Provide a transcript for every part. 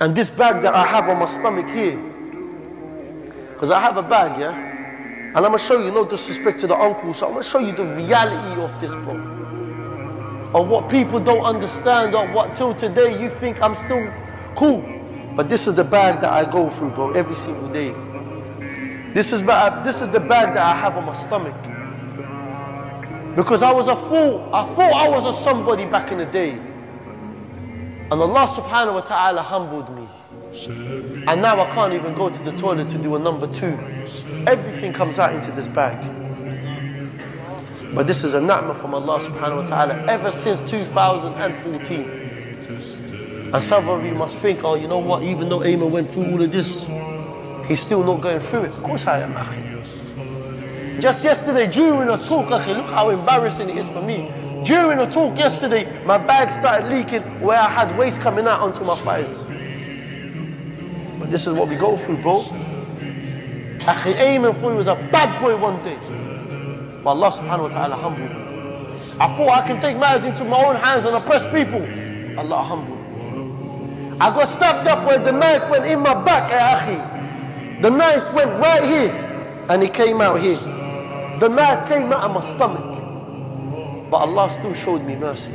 And this bag that I have on my stomach here, because I have a bag, yeah? And I'm gonna show you, no disrespect to the uncle, so I'm gonna show you the reality of this, bro. Of what people don't understand, or what till today you think I'm still cool. But this is the bag that I go through, bro, every single day. This is, my, this is the bag that I have on my stomach. Because I was a fool. I thought I was a somebody back in the day. And Allah subhanahu wa ta'ala humbled me. And now I can't even go to the toilet to do a number two. Everything comes out into this bag. But this is a na'mah from Allah subhanahu wa ta'ala ever since 2014. And some of you must think, oh, you know what, even though Ayman went through all of this, he's still not going through it. Of course I am, Just yesterday during a talk, look how embarrassing it is for me. During a talk yesterday, my bag started leaking where I had waste coming out onto my thighs. But this is what we go through, bro. Akhi aiming for you was a bad boy one day. But Allah subhanahu wa ta'ala humbled me. I thought I can take matters into my own hands and oppress people. Allah humbled me. I got stabbed up where the knife went in my back, eh, Akhi. The knife went right here and it came out here. The knife came out of my stomach. But Allah still showed me mercy.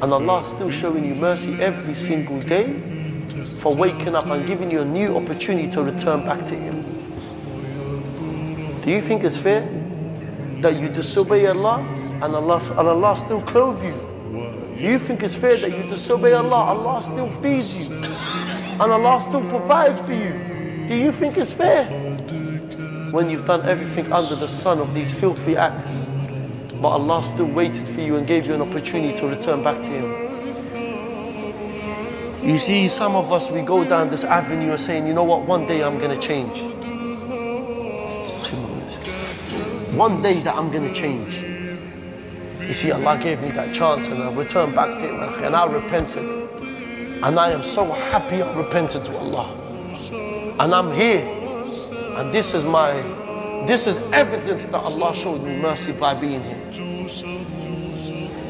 And Allah still showing you mercy every single day for waking up and giving you a new opportunity to return back to Him. Do you think it's fair that you disobey Allah and Allah, and Allah still clothe you? Do You think it's fair that you disobey Allah, Allah still feeds you, and Allah still provides for you? Do you think it's fair? When you've done everything under the sun of these filthy acts. But Allah still waited for you and gave you an opportunity to return back to Him. You see, some of us, we go down this avenue of saying, you know what, one day I'm going to change. One day that I'm going to change. You see, Allah gave me that chance and I returned back to Him and I repented. And I am so happy I repented to Allah. And I'm here. And this is my this is evidence that Allah showed me mercy by being here.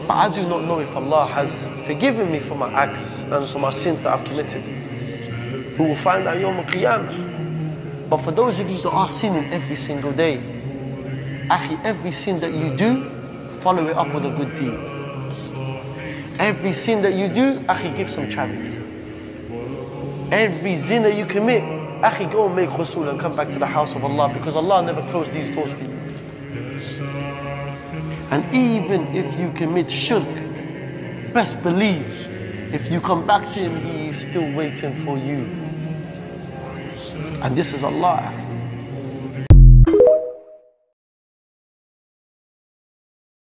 But I do not know if Allah has forgiven me for my acts and for my sins that I've committed. We will find out Yom Qiyamah. But for those of you that are sinning every single day, actually every sin that you do, follow it up with a good deed. Every sin that you do, actually give some charity. Every sin that you commit, Akhi, go and make ghusl and come back to the house of Allah because Allah never closed these doors for you. And even if you commit shirk, best believe, if you come back to Him, He is still waiting for you. And this is Allah.